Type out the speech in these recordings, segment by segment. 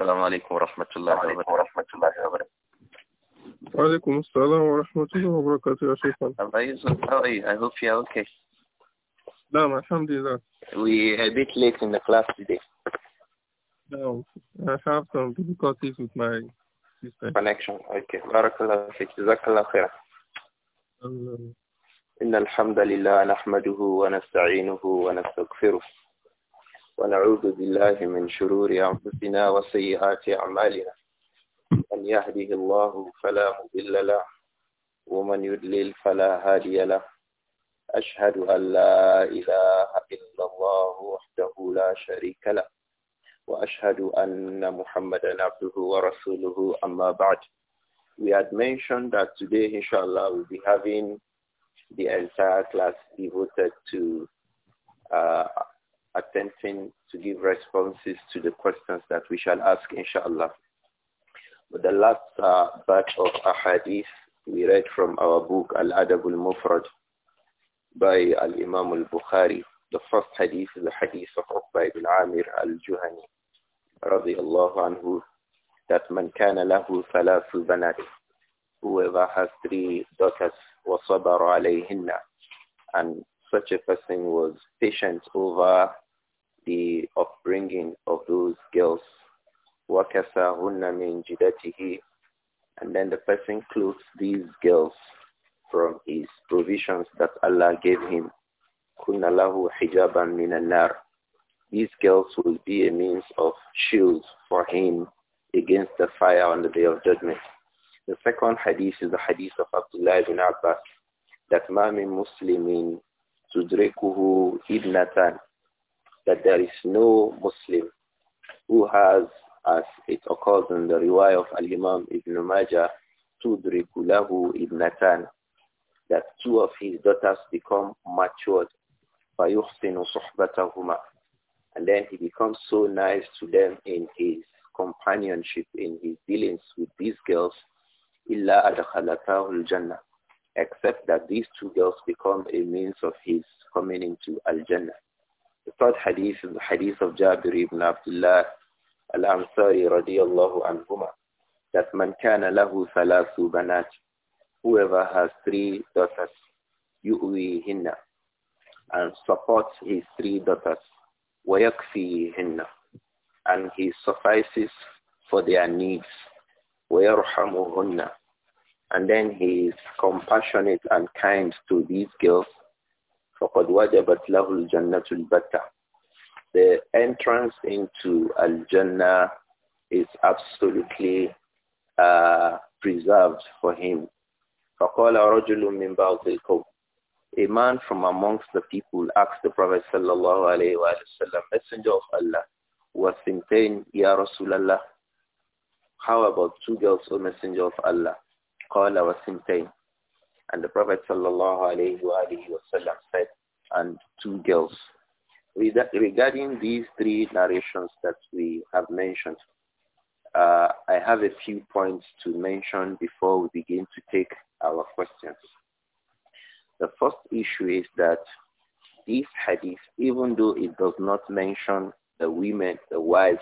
السلام عليكم ورحمة الله وبركاته وعليكم السلام ورحمة الله وبركاته يا شيخنا الله يسلمك how are you I hope you are okay نعم الحمد لله we a bit late in the class today no نعم، I have some difficulties with my system connection okay بارك الله فيك جزاك الله خيرا إن الحمد لله نحمده ونستعينه ونستغفره ونعوذ بالله من شرور أنفسنا وسيئات أعمالنا من يهده الله فلا مضل له ومن يدلل فلا هادي له أشهد أن لا إله إلا الله وحده لا شريك له وأشهد أن محمدا عبده ورسوله أما بعد We had mentioned that today, inshallah, we'll be having the entire class devoted to uh, attempting to give responses to the questions that we shall ask, inshallah. But the last uh, batch of ahadith we read from our book, Al-Adab al-Mufrad, by Al-Imam al-Bukhari. The first hadith is the hadith of Uqba ibn Amir al-Juhani, radiallahu anhu, that man kana lahu thalathu banat, whoever has three daughters, وصبر عليهن, and such a person was patient over the upbringing of those girls. And then the person clothes these girls from his provisions that Allah gave him. These girls will be a means of shield for him against the fire on the day of judgment. The second hadith is the hadith of Abdullah ibn Abbas that مَا Muslimin tudrikuhu idnatan, that there is no Muslim who has, as it occurs in the riwayah of Al-Imam Ibn Majah, tudriku lahu idnatan, that two of his daughters become matured, fayuhsinu suhbatahuma, and then he becomes so nice to them in his companionship, in his dealings with these girls, illa adkhalatahu al-jannah except that these two girls become a means of his coming into Al-Jannah. The third hadith is the hadith of Jabir ibn Abdullah al-Ansari radiyallahu anhumah, that man kana lahu thalathu banat whoever has three daughters yu'wihinna and supports his three daughters ويكفيهن and he suffices for their needs ويرحمهن and then he is compassionate and kind to these girls, فَقَدْ وَجَبَتْ لَهُ الْجَنَّةُ الْبَتَّةُ The entrance into Al-Jannah is absolutely uh, preserved for him. فَقَالَ رَجُلٌ مِّن بَعْضِ A man from amongst the people asked the Prophet sallallahu alayhi wa sallam, Messenger of Allah, وَثِنْتَيْنِ يَا رَسُولَ اللَّهِ How about two girls, O Messenger of Allah? قال and the Prophet sallallahu said and two girls regarding these three narrations that we have mentioned uh, I have a few points to mention before we begin to take our questions. The first issue is that this hadith, even though it does not mention the women, the wives,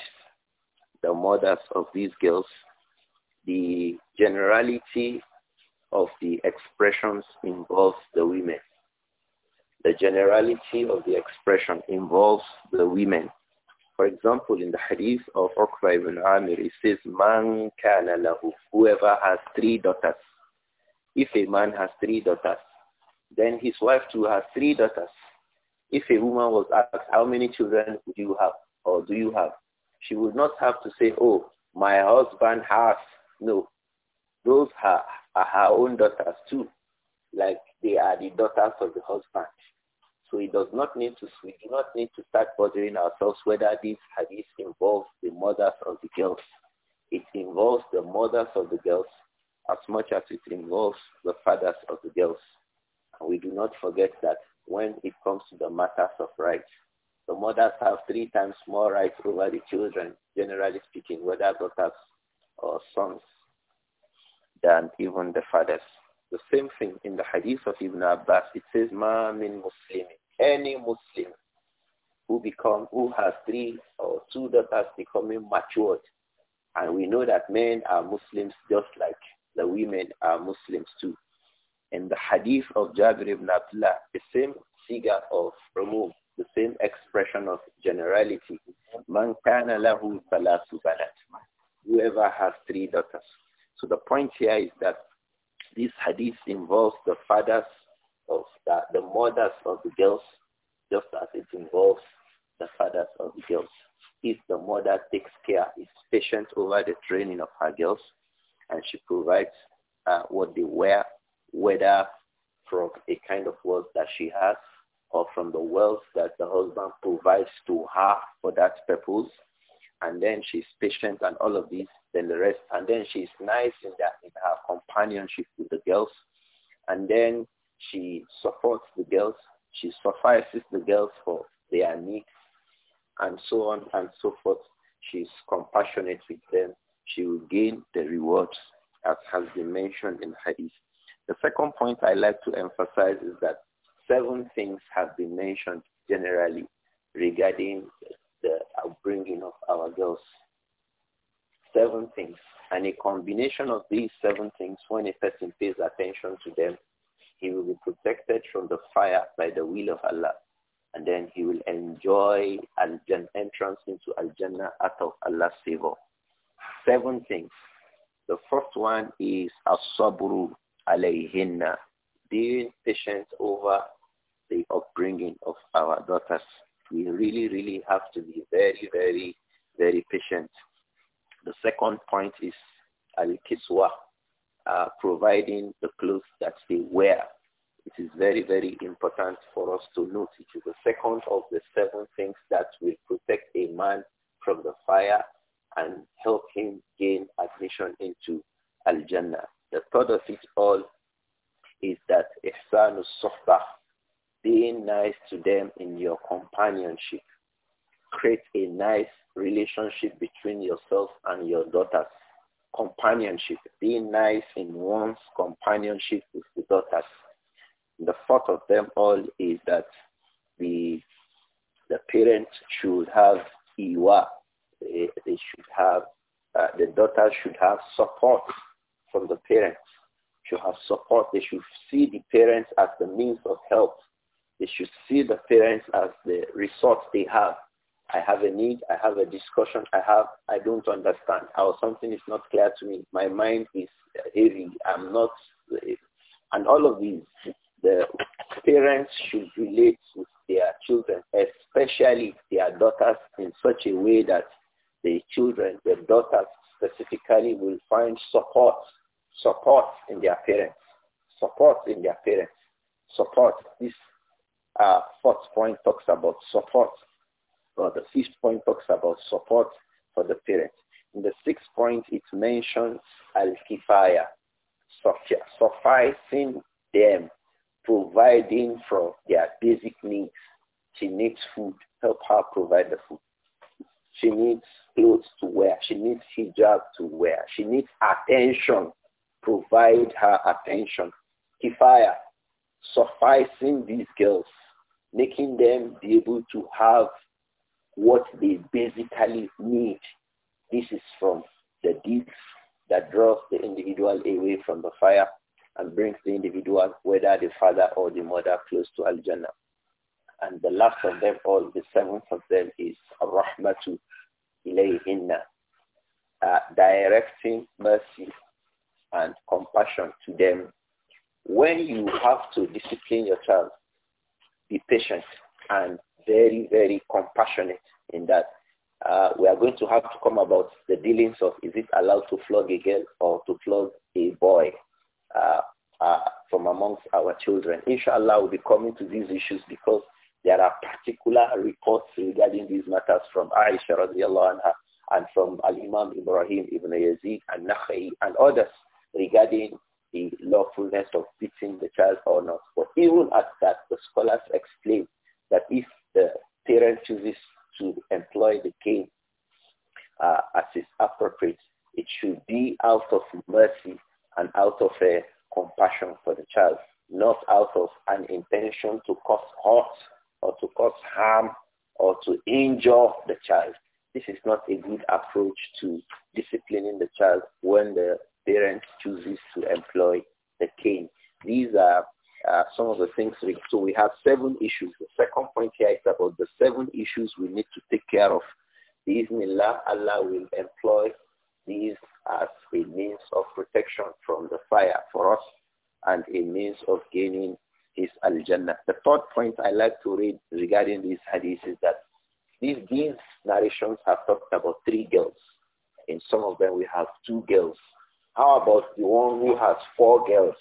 the mothers of these girls, the generality of the expressions involves the women. The generality of the expression involves the women. For example, in the hadith of Uqba ibn Amir, it says, Man kana lahu, whoever has three daughters. If a man has three daughters, then his wife too has three daughters. If a woman was asked, how many children do you have or do you have? She would not have to say, oh, my husband has no. Those are, are her own daughters too, like they are the daughters of the husband. So it does not need to, we do not need to start bothering ourselves whether this hadith involves the mothers of the girls. It involves the mothers of the girls as much as it involves the fathers of the girls. And we do not forget that when it comes to the matters of rights, the mothers have three times more rights over the children, generally speaking, whether daughters or sons than even the fathers. The same thing in the hadith of Ibn Abbas. It says, ma min muslim. Any Muslim who become, who has three or two daughters becoming matured. And we know that men are Muslims just like the women are Muslims too. In the hadith of Jabir ibn Abdullah, the same figure of remove, the same expression of generality. Man kana lahu salatu whoever has three daughters. So the point here is that this hadith involves the fathers of the, the mothers of the girls, just as it involves the fathers of the girls. If the mother takes care, is patient over the training of her girls, and she provides uh, what they wear, whether from a kind of wealth that she has or from the wealth that the husband provides to her for that purpose, and then she's patient and all of these, then the rest, and then she's nice in that in her companionship with the girls, and then she supports the girls, she suffices the girls for their needs, and so on and so forth. She's compassionate with them. She will gain the rewards as has been mentioned in Hadith. The second point I like to emphasize is that seven things have been mentioned generally regarding the upbringing of our girls. Seven things. And a combination of these seven things, when a person pays attention to them, he will be protected from the fire by the will of Allah. And then he will enjoy an entrance into Al-Jannah out of Allah's favor. Seven things. The first one is as-sabru alayhinna, being patient over the upbringing of our daughters we really, really have to be very, very, very patient. The second point is al-kiswa, uh, providing the clothes that they wear. It is very, very important for us to note. It is the second of the seven things that will protect a man from the fire and help him gain admission into Al-Jannah. The third of it all is that al suhbah, being nice to them in your companionship. Create a nice relationship between yourself and your daughters. Companionship, being nice in one's companionship with the daughters. The fourth of them all is that the, the parents should have iwa. They, they should have, uh, the daughters should have support from the parents should have support. They should see the parents as the means of help. They should see the parents as the resource they have. I have a need, I have a discussion, I have, I don't understand, or something is not clear to me. My mind is heavy, I'm not, and all of these, the parents should relate with their children, especially their daughters, in such a way that the children, the daughters specifically, will find support, support in their parents, support in their parents, support. This uh, fourth point talks about support, or the fifth point talks about support for the parents. In the sixth point, it mentions al-kifaya, sufficing them, providing for their basic needs. She needs food, help her provide the food. She needs clothes to wear. She needs hijab to wear. She needs attention. Provide her attention. Kifaya, sufficing these girls making them be able to have what they basically need. This is from the deep that draws the individual away from the fire and brings the individual, whether the father or the mother, close to Al-Jannah. And the last of them all, the seventh of them is Rahmatu Ilayhinna, uh, directing mercy and compassion to them. When you have to discipline your child, be patient and very, very compassionate in that uh, we are going to have to come about the dealings of is it allowed to flog a girl or to flog a boy uh, uh, from amongst our children. Inshallah, we'll be coming to these issues because there are particular reports regarding these matters from Aisha radiallahu anha and from Al-Imam Ibrahim ibn Yazid and Nakhai and others regarding the lawfulness of beating the child or not. But even at that, the scholars out of mercy and out of a uh, compassion for the child, not out of an intention to cause hurt or to cause harm or to injure the child. This is not a good approach to disciplining the child when the parent chooses to employ the cane. These are uh, some of the things. We, so we have seven issues. The second point here is about the seven issues we need to take care of. Bismillah, Allah will employ these as a means of protection from the fire for us and a means of gaining his al-Jannah. The third point I like to read regarding these hadiths is that these, these narrations have talked about three girls. In some of them we have two girls. How about the one who has four girls?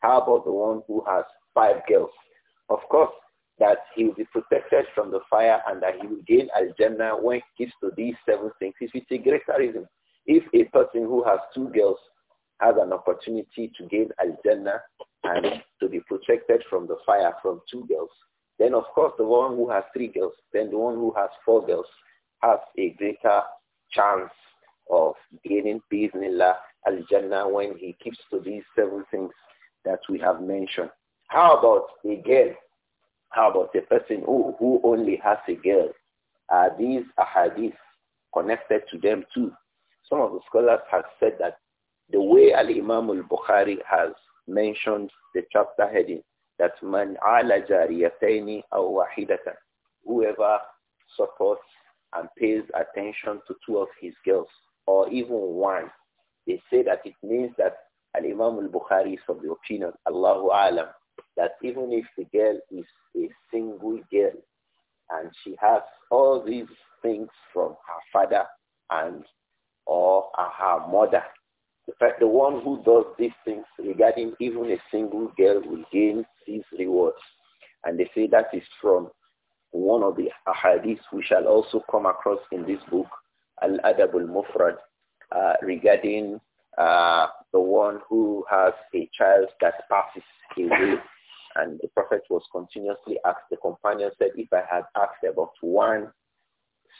How about the one who has five girls? Of course, that he will be protected from the fire and that he will gain al-Jannah when he gives to these seven things is with a greater reason. If a person who has two girls has an opportunity to gain al-Jannah and to be protected from the fire from two girls, then of course the one who has three girls, then the one who has four girls has a greater chance of gaining Bismillah al-Jannah when he keeps to these seven things that we have mentioned. How about a girl? How about a person who, who only has a girl? Are these ahadith connected to them too? Some of the scholars have said that the way Al-Imam al-Bukhari has mentioned the chapter heading, that man ala jariyataini aw wahidatan, whoever supports and pays attention to two of his girls, or even one, they say that it means that Al-Imam al-Bukhari is of the opinion, Allahu alam, that even if the girl is a single girl and she has all these things from her father and or her mother. The, fact, the one who does these things regarding even a single girl will gain these rewards. And they say that is from one of the hadiths we shall also come across in this book, Al-Adab al-Mufrad, uh, regarding uh, the one who has a child that passes away. And the Prophet was continuously asked, the companion said, if I had asked about one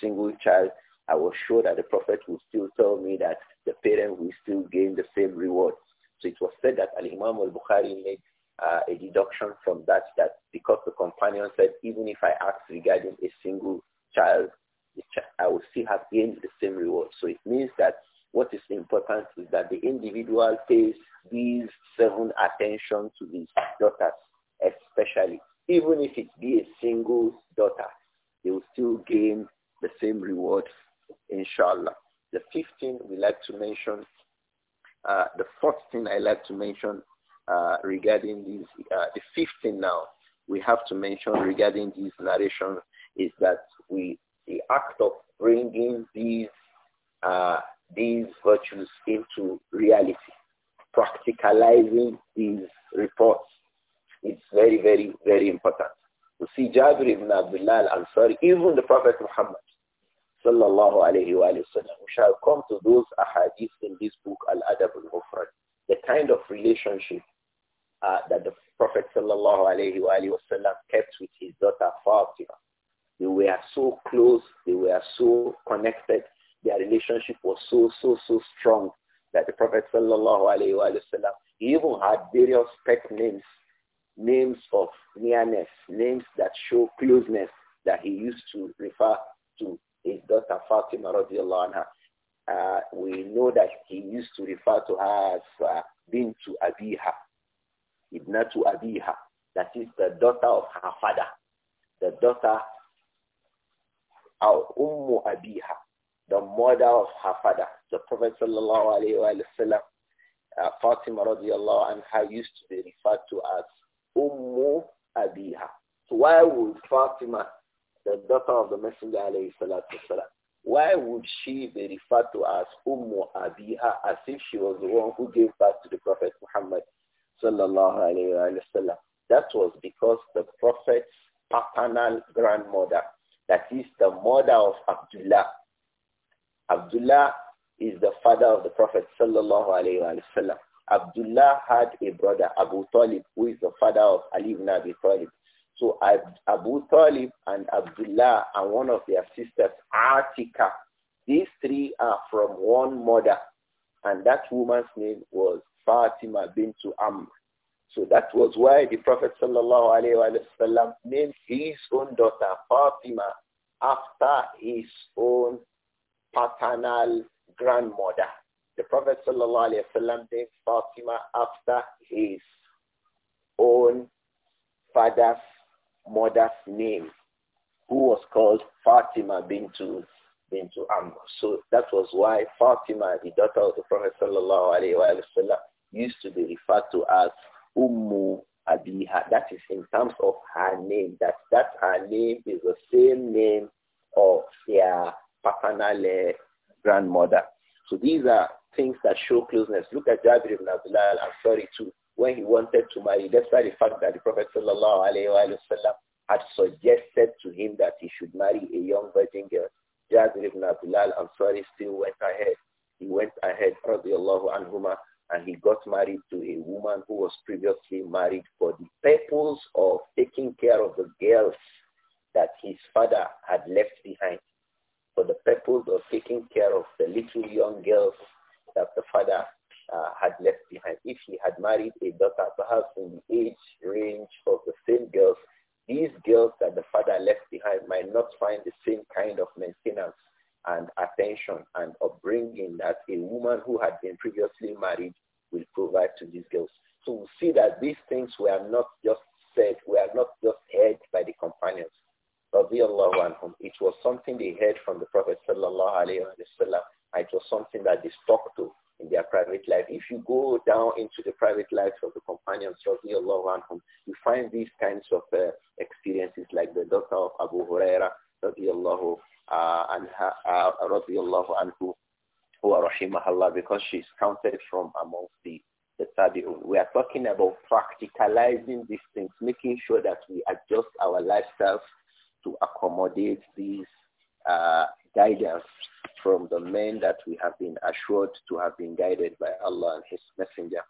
single child, I was sure that the Prophet would still tell me that the parent will still gain the same reward. So it was said that Al-Imam al-Bukhari made uh, a deduction from that, that because the companion said, even if I ask regarding a single child, I will still have gained the same reward. So it means that what is important is that the individual pays these seven attention to these daughters, especially. Even if it be a single daughter, they will still gain the same reward inshallah. The fifth thing we like to mention, uh, the fourth thing I like to mention uh, regarding these, uh, the fifth thing now we have to mention regarding these narration is that we, the act of bringing these, uh, these virtues into reality, practicalizing these reports is very, very, very important. We see Jabir ibn Abdullah al-Ansari, even the Prophet Muhammad sallallahu alayhi wa We shall come to those ahadith in this book, Al-Adab al-Mufrad, the kind of relationship uh, that the Prophet sallallahu alayhi wa kept with his daughter Fatima. They were so close, they were so connected, their relationship was so, so, so strong that the Prophet sallallahu alayhi wa even had various pet names, names of nearness, names that show closeness that he used to refer to his daughter Fatima radiallahu anha, uh, we know that he used to refer to her as uh, Bintu Abiha, Ibnatu Abiha, that is the daughter of her father, the daughter of uh, Ummu Abiha, the mother of her father. The Prophet sallallahu alayhi wa sallam, uh, Fatima radiallahu anha used to be referred to as Ummu Abiha. So why would Fatima the daughter of the Messenger alayhi salatu salam, why would she be referred to as Ummu Abiha as if she was the one who gave birth to the Prophet Muhammad sallallahu alayhi wa That was because the Prophet's paternal grandmother, that is the mother of Abdullah. Abdullah is the father of the Prophet sallallahu alayhi wa Abdullah had a brother, Abu Talib, who is the father of Ali ibn Abi Talib. So Abu Talib and Abdullah and one of their sisters, Atika, these three are from one mother. And that woman's name was Fatima bint Amr. So that was why the Prophet wasallam named his own daughter Fatima after his own paternal grandmother. The Prophet wasallam named Fatima after his own father's mother's name, who was called Fatima bintu bintu Amr. So that was why Fatima, the daughter of the Prophet sallallahu alaihi wasallam, used to be referred to as Ummu Abiha. That is in terms of her name. That that her name is the same name of their paternal eh, grandmother. So these are things that show closeness. Look at Jabir ibn Abdullah al-Ansari too when he wanted to marry, despite the fact that the Prophet sallallahu had suggested to him that he should marry a young virgin girl. Jabir ibn Abdullah al-Ansari still went ahead. He went ahead, radiallahu anhuma, and he got married to a woman who was previously married for the purpose of taking care of the girls that his father had left behind, for the purpose of taking care of the little young girls that the father uh, had left behind. If he had married a daughter, perhaps in the age range of the same girls, these girls that the father left behind might not find the same kind of maintenance and attention and upbringing that a woman who had been previously married will provide to these girls. So we see that these things were not just said, were not just heard by the companions. It was something they heard from the Prophet sallallahu It was something that they stuck to in their private life. If you go down into the private lives of the companions, radiallahu anhum, you find these kinds of uh, experiences like the daughter of Abu Huraira, radiallahu, uh, and uh, radiallahu anhu, who are rahimahallah, because she's counted from amongst the, the tabi'un. We are talking about practicalizing these things, making sure that we adjust our lifestyles to accommodate these uh, guidance from the men that we have been assured to have been guided by Allah and His Messenger.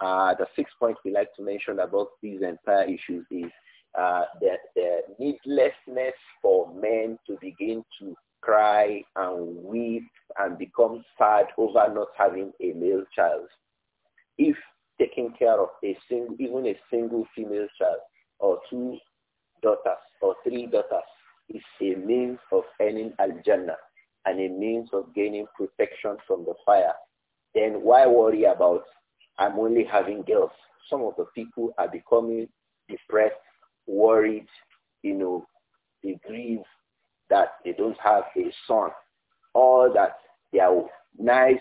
Uh, the sixth point we like to mention about these entire issues is uh, the, the needlessness for men to begin to cry and weep and become sad over not having a male child. If taking care of a single, even a single female child or two daughters or three daughters is a means of earning al-jannah and a means of gaining protection from the fire, then why worry about I'm only having girls? Some of the people are becoming depressed, worried, you know, they grieve that they don't have a son or that their nice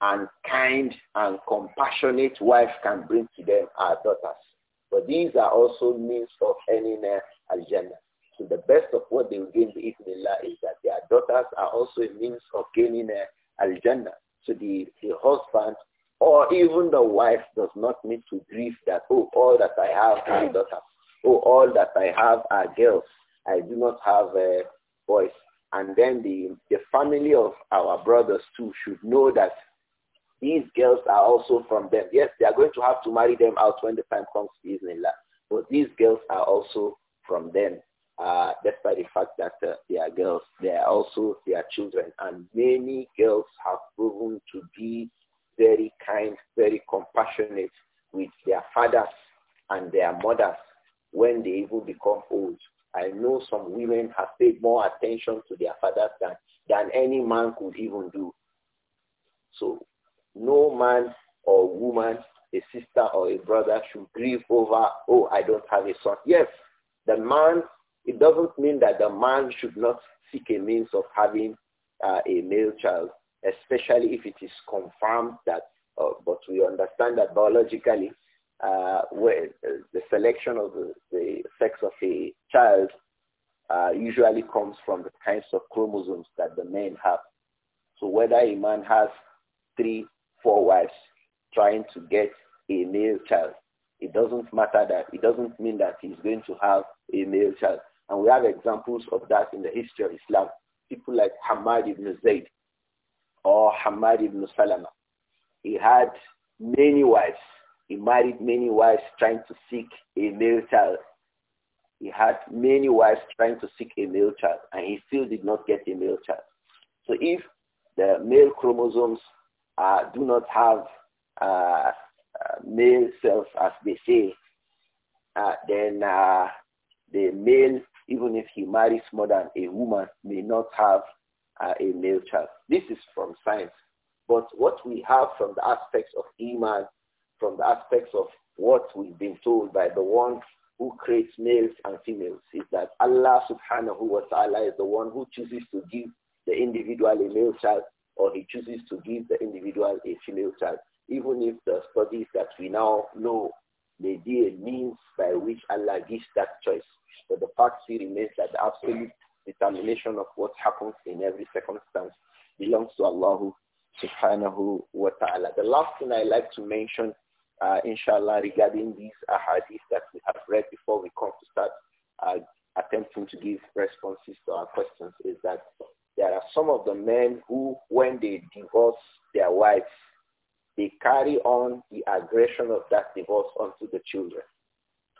and kind and compassionate wife can bring to them are daughters. But these are also means of earning uh, al-Jannah. To the best of what they will gain the is that their daughters are also a means of gaining uh, Al-Jannah. So the, the husband or even the wife does not need to grieve that, oh, all that I have are daughters. Oh, all that I have are girls. I do not have a uh, boys. And then the, the family of our brothers too should know that these girls are also from them. Yes, they are going to have to marry them out when the time comes, Bismillah. But these girls are also from them uh, despite the fact that uh, they are girls, they are also their children. And many girls have proven to be very kind, very compassionate with their fathers and their mothers when they even become old. I know some women have paid more attention to their fathers than, than any man could even do. So no man or woman, a sister or a brother should grieve over, oh, I don't have a son. Yes, the man it doesn't mean that the man should not seek a means of having uh, a male child, especially if it is confirmed that, uh, but we understand that biologically, uh, uh the selection of the, the, sex of a child uh, usually comes from the kinds of chromosomes that the men have. So whether a man has three, four wives trying to get a male child, it doesn't matter that, it doesn't mean that he's going to have a male child. And we have examples of that in the history of Islam. People like Hamad ibn Zayd or Hamad ibn Salama. He had many wives. He married many wives trying to seek a male child. He had many wives trying to seek a male child, and he still did not get a male child. So if the male chromosomes uh, do not have uh, uh, male cells, as they say, uh, then uh, the male even if he marries more than a woman, may not have uh, a male child. This is from science. But what we have from the aspects of Iman, from the aspects of what we've been told by the one who creates males and females, is that Allah subhanahu wa ta'ala is the one who chooses to give the individual a male child or he chooses to give the individual a female child, even if the studies that we now know may be a means by which Allah gives that choice. But the fact still remains that the absolute determination of what happens in every circumstance belongs to Allah subhanahu wa ta'ala. The last thing I like to mention, uh, inshallah, regarding these ahadith that we have read before we come to start uh, attempting to give responses to our questions is that there are some of the men who, when they divorce their wives, they carry on the aggression of that divorce onto the children.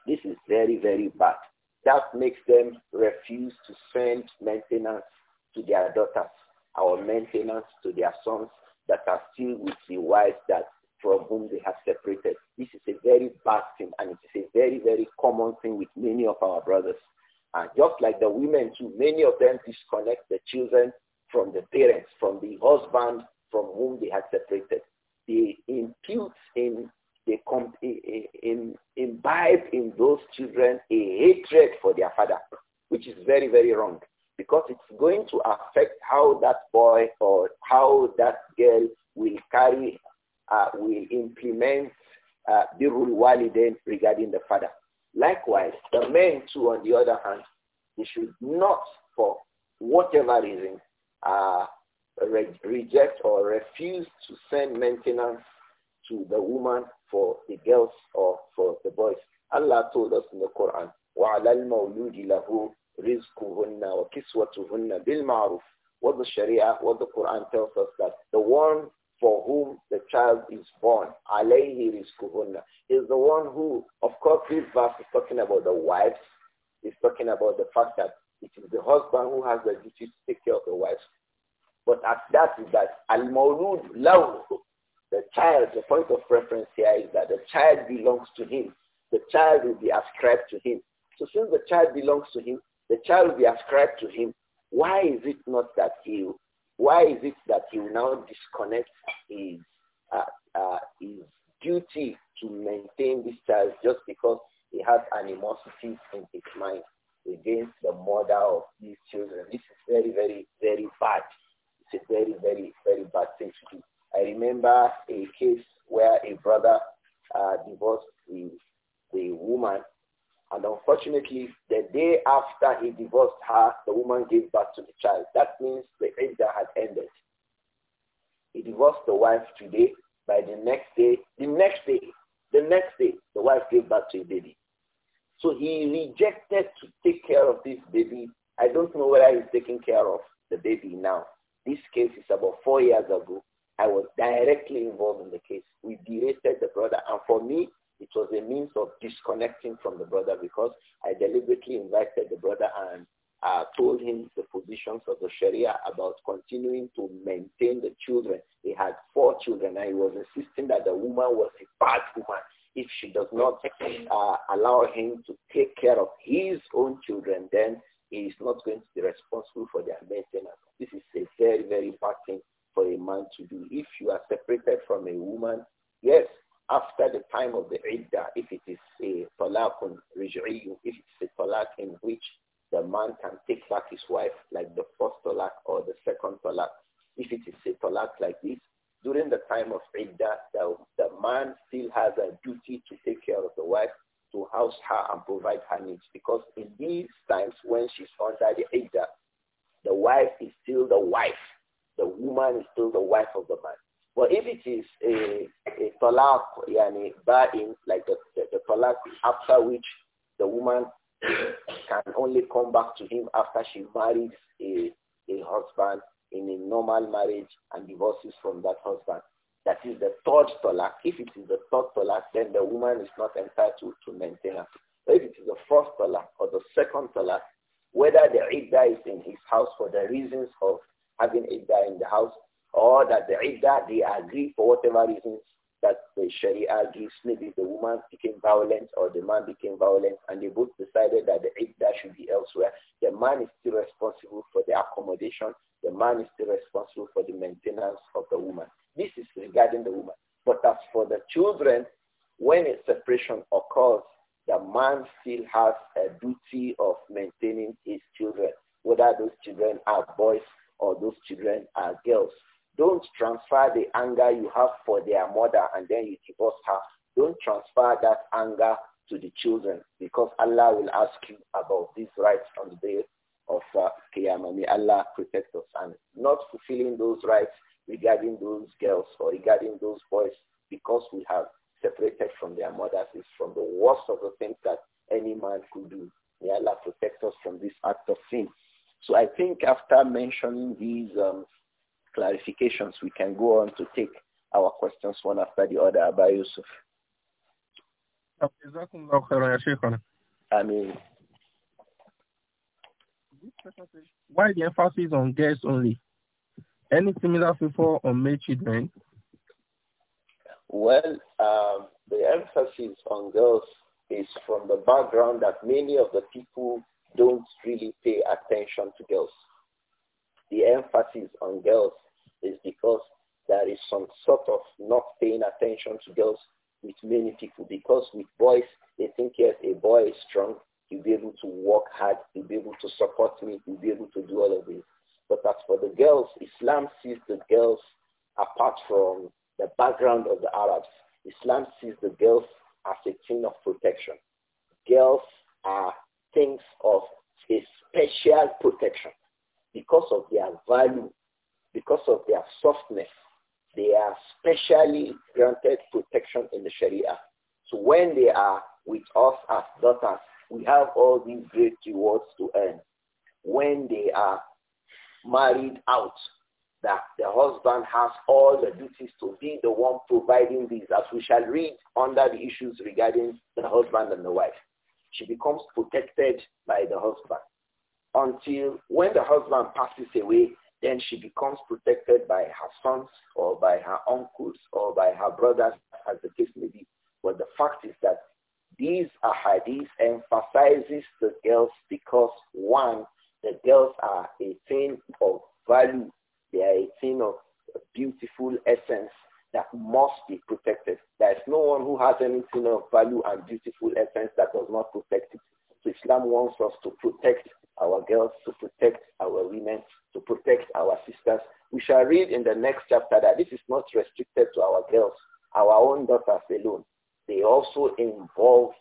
This is very, very bad. That makes them refuse to send maintenance to their daughters or maintenance to their sons that are still with the wives that from whom they have separated. This is a very bad thing and it is a very, very common thing with many of our brothers. And just like the women too, many of them disconnect the children from the parents, from the husband from whom they had separated. those children a hatred for their father, which is very, very wrong because it's going to affect how that boy or how that girl will carry, uh, will implement uh, the uh, birul waliden regarding the father. Likewise, the men too, on the other hand, they should not, for whatever reason, uh, re reject or refuse to send maintenance to the woman for the girls or for the boys. Allah told us in the Quran, وَعَلَى الْمَوْلُودِ لَهُ رِزْقُهُنَّ وَكِسْوَتُهُنَّ بِالْمَعْرُوفِ What the Sharia, what the Quran tells us that the one for whom the child is born, عليه رزقهنّ is the one who, of course, this verse is talking about the wives. It's talking about the fact that it is the husband who has the duty to take care of the wives. But at that is that al-mawlud the child, the point of reference here is that the child belongs to him the child will be ascribed to him. So since the child belongs to him, the child will be ascribed to him. Why is it not that he, why is it that he will now disconnect his, uh, uh, his duty to maintain this child just because he has animosity in his mind against the mother of these children. This is very, very, very bad. It's a very, very, very bad thing to do. I remember a case where a brother uh, divorced his the woman. And unfortunately, the day after he divorced her, the woman gave birth to the child. That means the iddah had ended. He divorced the wife today. By the next day, the next day, the next day, the wife gave birth to a baby. So he rejected to take care of this baby. I don't know whether he's taking care of the baby now. This case is about four years ago. I was directly involved in the case. We berated the brother. And for me, it was a means of disconnecting from the brother because I deliberately invited the brother and uh, told him the positions of the Sharia about continuing to maintain the children. He had four children and he was insisting that the woman was a bad woman. If she does not uh, allow him to take care of his own children, then he is not going to be responsible for their maintenance. This is a very, very bad thing for a man to do. If you are separated from a woman, yes, after the time of the iddah, if it is a talaqun rij'iyu, if it's a talaq in which the man can take back his wife, like the first talaq or the second talaq, if it is a talaq like this, during the time of iddah, the, the man still has a duty to take care of the wife, to house her and provide her needs. Because in these times when she's under the iddah, the wife is still the wife. The woman is still the wife of the man. But if it is a, a talaq, yani buy-in, like the, the, the talaq after which the woman can only come back to him after she marries a, a husband in a normal marriage and divorces from that husband. That is the third talaq. If it is the third talaq, then the woman is not entitled to maintain her. But if it is the first talaq or the second talaq, whether the idda is in his house for the reasons of having idda in the house or that the iddah, they agree for whatever reasons that the Sharia gives. Maybe the woman became violent or the man became violent and they both decided that the iddah should be elsewhere. The man is still responsible for the accommodation. The man is still responsible for the maintenance of the woman. This is regarding the woman. But as for the children, when a separation occurs, the man still has a duty of maintaining his children, whether those children are boys or those children are girls. Don't transfer the anger you have for their mother and then you divorce her. Don't transfer that anger to the children because Allah will ask you about these rights on the day of uh, Qiyamah. May Allah protect us and not fulfilling those rights regarding those girls or regarding those boys because we have separated from their mothers is from the worst of the things that any man could do. May Allah protect us from this act of sin. So I think after mentioning these um, clarifications, we can go on to take our questions one after the other about Yusuf. I mean, why the emphasis on girls only? Any similar before on male children? Well, um, the emphasis on girls is from the background that many of the people don't really pay attention to girls. The emphasis on girls is because there is some sort of not paying attention to girls with many people because with boys, they think yes, a boy is strong, he'll be able to work hard, he'll be able to support me, he'll be able to do all of this. But as for the girls, Islam sees the girls apart from the background of the Arabs. Islam sees the girls as a thing of protection. Girls are things of a special protection because of their value because of their softness, they are specially granted protection in the Sharia. So when they are with us as daughters, we have all these great rewards to earn. When they are married out, that the husband has all the duties to be the one providing these, as we shall read under the issues regarding the husband and the wife. She becomes protected by the husband until when the husband passes away, then she becomes protected by her sons or by her uncles or by her brothers, as the case may be. But the fact is that these ahadith emphasizes the girls because one, the girls are a thing of value. They are a thing of beautiful essence that must be protected. There is no one who has anything of value and beautiful essence that does not protect it. So Islam wants us to protect our girls, to protect our women, to protect our sisters. We shall read in the next chapter that this is not restricted to our girls, our own daughters alone. They also involve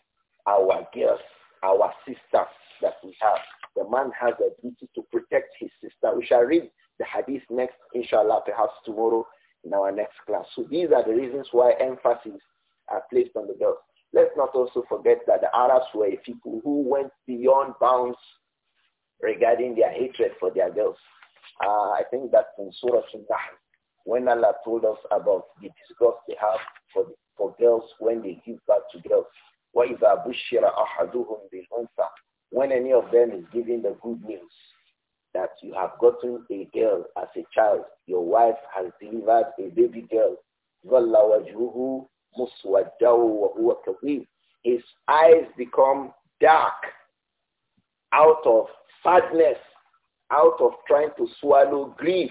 our girls, our sisters that we have. The man has a duty to protect his sister. We shall read the hadith next, inshallah, perhaps tomorrow in our next class. So these are the reasons why emphasis are placed on the girls. Let's not also forget that the Arabs were a people who went beyond bounds regarding their hatred for their girls. Uh, I think that's in Surah Al-Nahl, when Allah told us about the disgust they have for, the, for girls when they give birth to girls. وَإِذَا بُشِّرَ أَحَدُهُمْ بِالْأُنْثَى When any of them is giving the good news that you have gotten a girl as a child, your wife has delivered a baby girl, ظَلَّ وَجْهُهُ وَهُوَ كَظِيمٌ His eyes become dark out of sadness out of trying to swallow grief.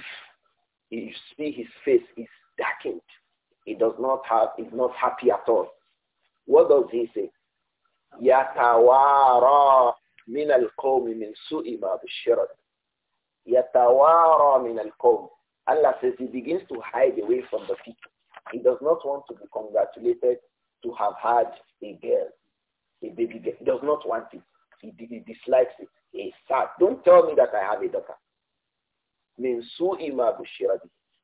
You see his face is darkened. He does not have, is not happy at all. What does he say? يتوارى من القوم من سوء ما بشرت يتوارى من القوم Allah says he begins to hide away from the people. He does not want to be congratulated to have had a girl, a baby girl. He does not want it. He, he dislikes it a sad. Don't tell me that I have a daughter.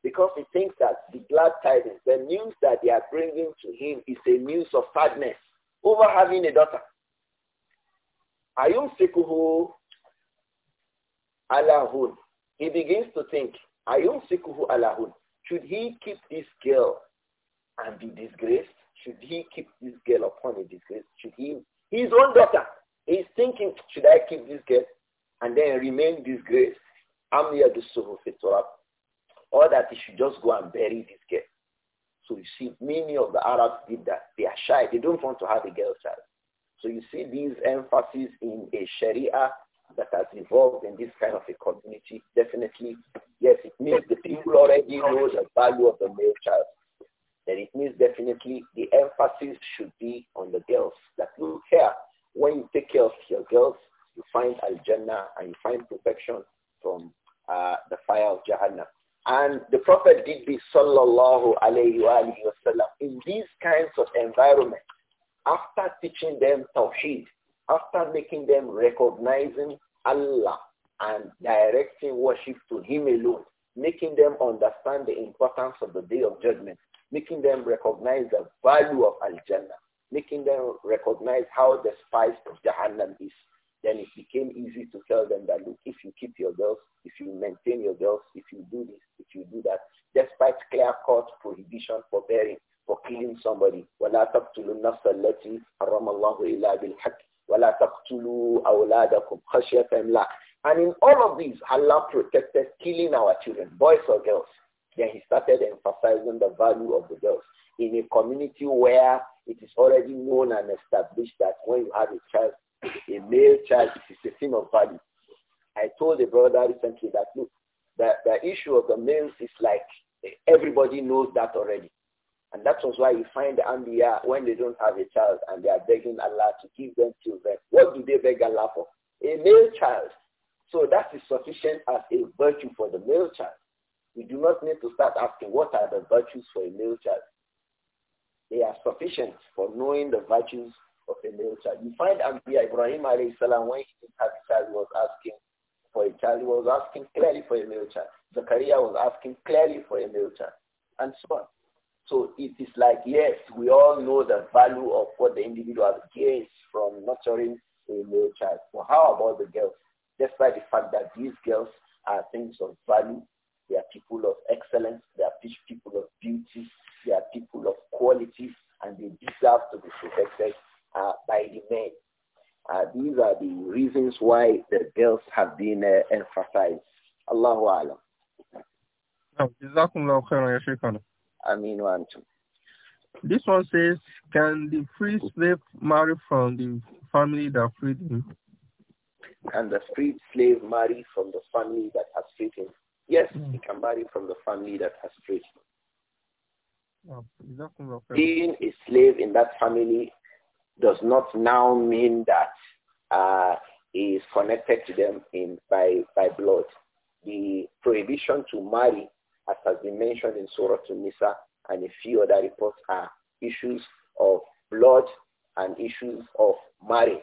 Because he thinks that the glad tidings, the news that they are bringing to him is a news of sadness over having a daughter. sikuhu alahun. He begins to think, sikuhu alahun. Should he keep this girl and be disgraced? Should he keep this girl upon a disgrace? Should he, his own daughter, He's thinking, should I keep this girl and then remain disgraced? I'm here to suffer for Or that he should just go and bury this girl. So you see, many of the Arabs did that. They are shy. They don't want to have a girl child. So you see these emphasis in a Sharia that has evolved in this kind of a community. Definitely, yes, it means the people already know the value of the male child. Then it means definitely the emphasis should be on the girls. That look here, when you take care of your girls, you find al-Jannah and you find protection from uh, the fire of Jahannam. And the Prophet did this, sallallahu alayhi wa sallam, in these kinds of environments, after teaching them tawheed, after making them recognizing Allah and directing worship to Him alone, making them understand the importance of the Day of Judgment, making them recognize the value of Al-Jannah, making them recognize how the spice of Jahannam is. Then it became easy to tell them that, look, if you keep your girls, if you maintain your girls, if you do this, if you do that, despite clear-cut prohibition for bearing, for killing somebody, وَلَا تَقْتُلُوا النَّفْسَ الَّتِي حَرَّمَ اللَّهُ إِلَّا بِالْحَقِّ وَلَا تَقْتُلُوا أَوْلَادَكُمْ خَشْيَةَ إِمْلَاقٍ And in all of these, Allah protected killing our children, boys or girls. Then he started emphasizing the value of the girls in a community where it is already known and established that when you have a child, a male child, it is a thing of value. I told a brother recently that, look, the, the issue of the males is like everybody knows that already. And that was why you find the Ambiya when they don't have a child and they are begging Allah to give them children. What do they beg Allah for? A male child. So that is sufficient as a virtue for the male child. We do not need to start asking what are the virtues for a male child. They are sufficient for knowing the virtues of a male child. You find Anbiya Ibrahim alayhi salam when he did have a child was asking for a child. He was asking clearly for a male child. Zachariah was asking clearly for a male child. And so on. So it is like, yes, we all know the value of what the individual gains from nurturing a male child. But well, how about the girls? Despite the fact that these girls are things of value, they are people of excellence, they are people of beauty, they are people of quality and they deserve to be protected uh, by the men. Uh, these are the reasons why the girls have been uh, emphasized. Allahu Alam. Ameen wa This one says, can the free slave marry from the family that freed him? Can the freed slave marry from the family that has freed him? Yes, mm. he can marry from the family that has freed him. Oh, Being a slave in that family does not now mean that uh, is connected to them in by, by blood. The prohibition to marry, as has been mentioned in Surah to Nisa and a few other reports, are issues of blood and issues of marriage.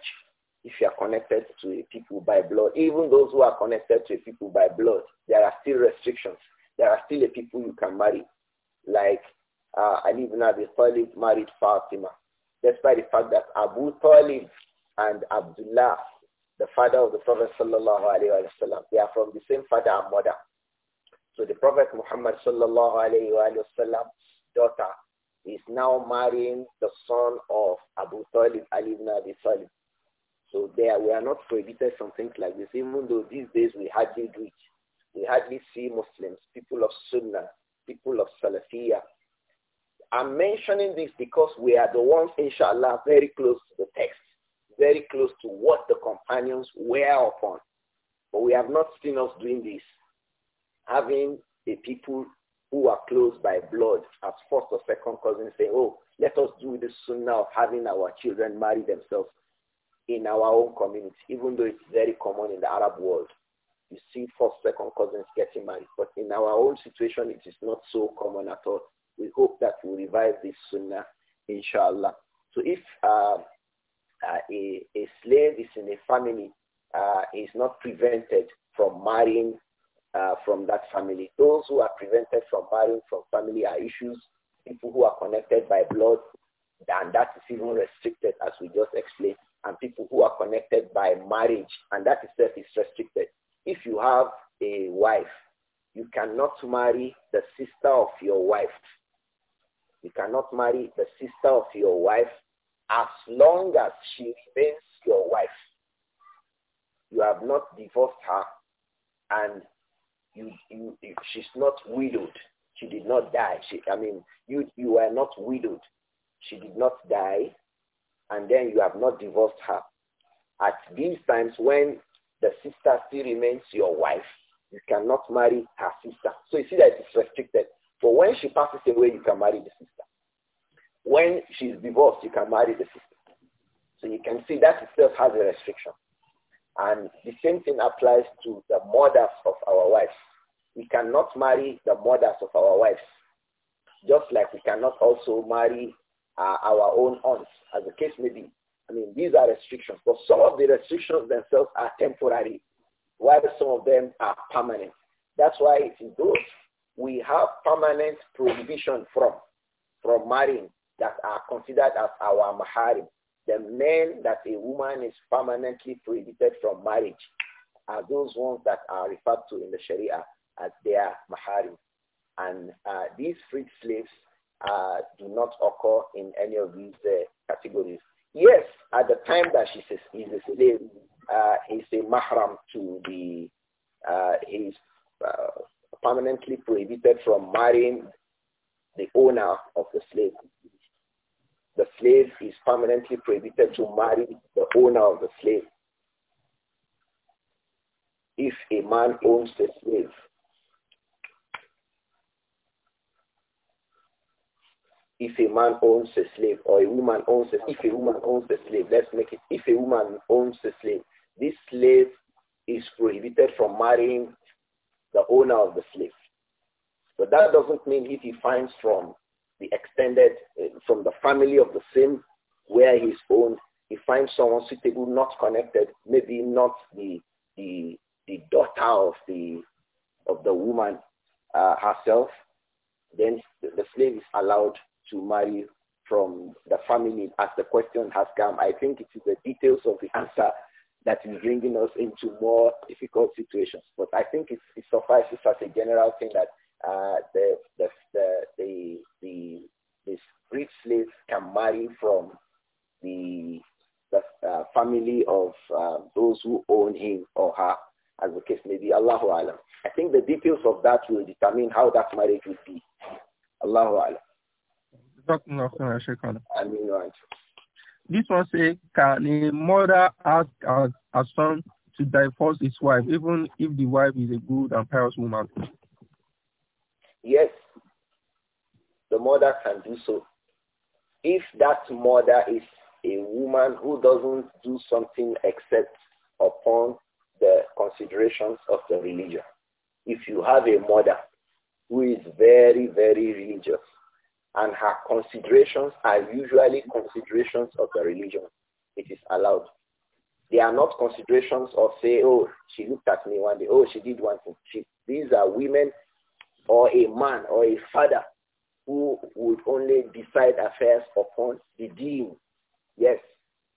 If you are connected to a people by blood, even those who are connected to a people by blood, there are still restrictions. There are still a people you can marry, like uh, Ali ibn Abi Talib married Fatima, despite the fact that Abu Talib and Abdullah, the father of the Prophet sallallahu they are from the same father and mother. So the Prophet Muhammad sallallahu alaihi wasallam's daughter is now marrying the son of Abu Talib, Ali ibn Abi Talib. So there we are not prohibited from things like this, even though these days we hardly do it. We hardly see Muslims, people of Sunnah, people of Salafiyah, I'm mentioning this because we are the ones, inshallah, very close to the text, very close to what the companions were upon. But we have not seen us doing this, having a people who are close by blood as first or second cousins say, oh, let us do this sunnah of having our children marry themselves in our own community, even though it's very common in the Arab world. You see first, second cousins getting married. But in our own situation, it is not so common at all. We hope that we will revive this sunnah, inshallah. So if uh, uh, a, a, slave is in a family, uh, is not prevented from marrying uh, from that family. Those who are prevented from marrying from family are issues, people who are connected by blood, and that is even restricted as we just explained, and people who are connected by marriage, and that itself is restricted. If you have a wife, you cannot marry the sister of your wife you cannot marry the sister of your wife as long as she remains your wife. You have not divorced her and you, you, you she's not widowed. She did not die. She, I mean, you, you are not widowed. She did not die and then you have not divorced her. At these times when the sister still remains your wife, you cannot marry her sister. So you see that it's restricted. For when she passes away, you can marry the sister. When she's divorced, you can marry the sister. So you can see that itself has a restriction. And the same thing applies to the mothers of our wives. We cannot marry the mothers of our wives, just like we cannot also marry uh, our own aunts, as the case may be. I mean, these are restrictions, but some of the restrictions themselves are temporary, while some of them are permanent. That's why it is those we have permanent prohibition from, from marrying that are considered as our maharim. The men that a woman is permanently prohibited from marriage are those ones that are referred to in the Sharia as their maharim. And uh, these freed slaves uh, do not occur in any of these uh, categories. Yes, at the time that she says he's a slave, uh, he's a mahram to the uh, his uh, permanently prohibited from marrying the owner of the slave. The slave is permanently prohibited to marry the owner of the slave. If a man owns a slave, if a man owns a slave or a woman owns a, if a woman owns a slave, let's make it, if a woman owns a slave, this slave is prohibited from marrying the owner of the slave. But that doesn't mean if he finds from the extended, eh, from the family of the same where he's owned, he finds someone suitable, not connected, maybe not the, the, the daughter of the, of the woman uh, herself, then the slave is allowed to marry from the family as the question has come. I think it is the details of the answer that is bringing us into more difficult situations. But I think it, it suffices as a general thing that uh, the, the, the, the, the, rich slaves can marry from the, the uh, family of uh, those who own him or her, as the case may be. Allahu Alam. I think the details of that will determine how that marriage will be. Allahu Alam. I mean, right this one say, can a mother ask a, her son to divorce his wife, even if the wife is a good and pious woman? Yes, the mother can do so. If that mother is a woman who doesn't do something except upon the considerations of the religion. If you have a mother who is very, very religious, and her considerations are usually considerations of the religion. It is allowed. They are not considerations of say, oh, she looked at me one day, oh, she did one thing. She, these are women or a man or a father who would only decide affairs upon the deen. Yes,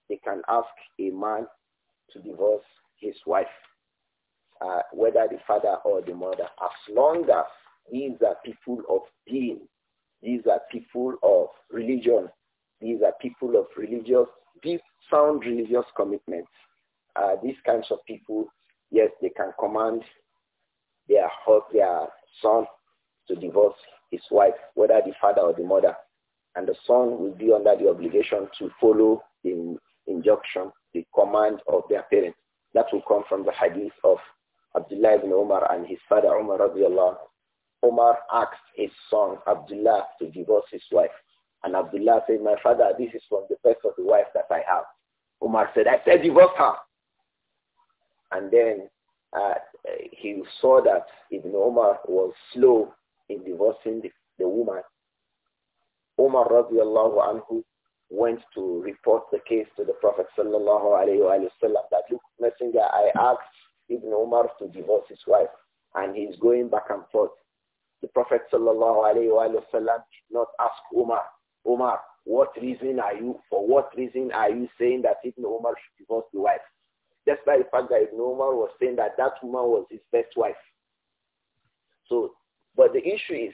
they can ask a man to divorce his wife, uh, whether the father or the mother, as long as these are people of deen, these are people of religion. These are people of religious, deep sound religious commitments. Uh, these kinds of people, yes, they can command their, their son to divorce his wife, whether the father or the mother. And the son will be under the obligation to follow the injunction, the command of their parents. That will come from the hadith of Abdullah ibn Umar and his father Umar radiallahu Omar asked his son Abdullah to divorce his wife. And Abdullah said, my father, this is from the best of the wife that I have. Omar said, I said divorce her. And then uh, he saw that Ibn Omar was slow in divorcing the, the woman. Omar radiallahu anhu went to report the case to the Prophet sallallahu alayhi wa sallam that, look, messenger, I asked Ibn Omar to divorce his wife and he's going back and forth. The Prophet sallallahu alayhi wa sallam did not ask Umar, Umar, what reason are you, for what reason are you saying that Ibn Umar should divorce the wife? by the fact that Ibn Umar was saying that that woman was his best wife. So, but the issue is,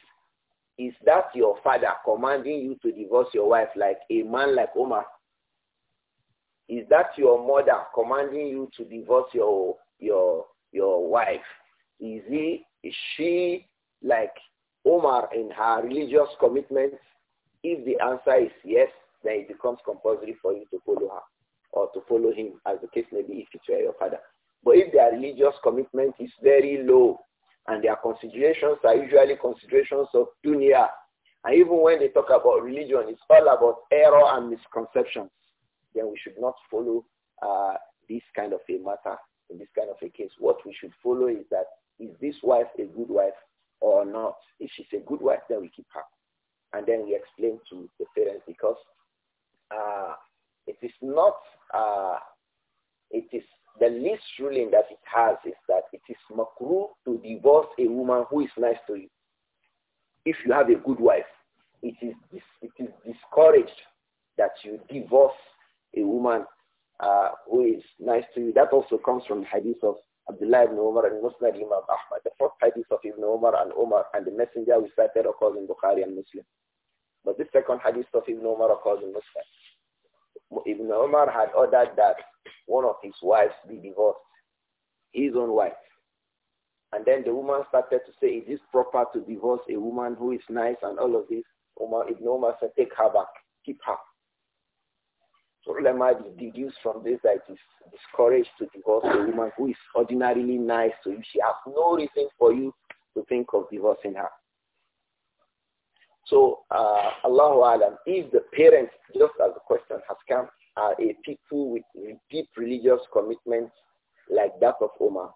is that your father commanding you to divorce your wife like a man like Omar? Is that your mother commanding you to divorce your your your wife? Is he is she like Omar in her religious commitments? If the answer is yes, then it becomes compulsory for you to follow her or to follow him, as the case may be if it's your father. But if their religious commitment is very low and their considerations are usually considerations of dunya, and even when they talk about religion, it's all about error and misconceptions, then we should not follow uh, this kind of a matter in this kind of a case. What we should follow is that, is this wife a good wife? or not. If she's a good wife, then we keep her. And then we explain to the parents because uh, it is not, uh, it is the least ruling that it has is that it is makruh to divorce a woman who is nice to you. If you have a good wife, it is, it is discouraged that you divorce a woman uh, who is nice to you. That also comes from the hadith of Abdullah ibn Umar and Muslim Imam Ahmad. The first hadith of Ibn Umar and Umar and the messenger we cited occurs in Bukhari and Muslim. But the second hadith of Ibn Umar occurs in Muslim. Ibn Umar had ordered that one of his wives be divorced, his own wife. And then the woman started to say, is it proper to divorce a woman who is nice and all of this? Umar, Ibn Umar said, take her back, keep her. So I deduce from this that it is discouraged to divorce a woman who is ordinarily nice to you. She has no reason for you to think of divorcing her. So uh, Allahu Alam, if the parents, just as the question has come, are a people with deep religious commitments like that of Omar,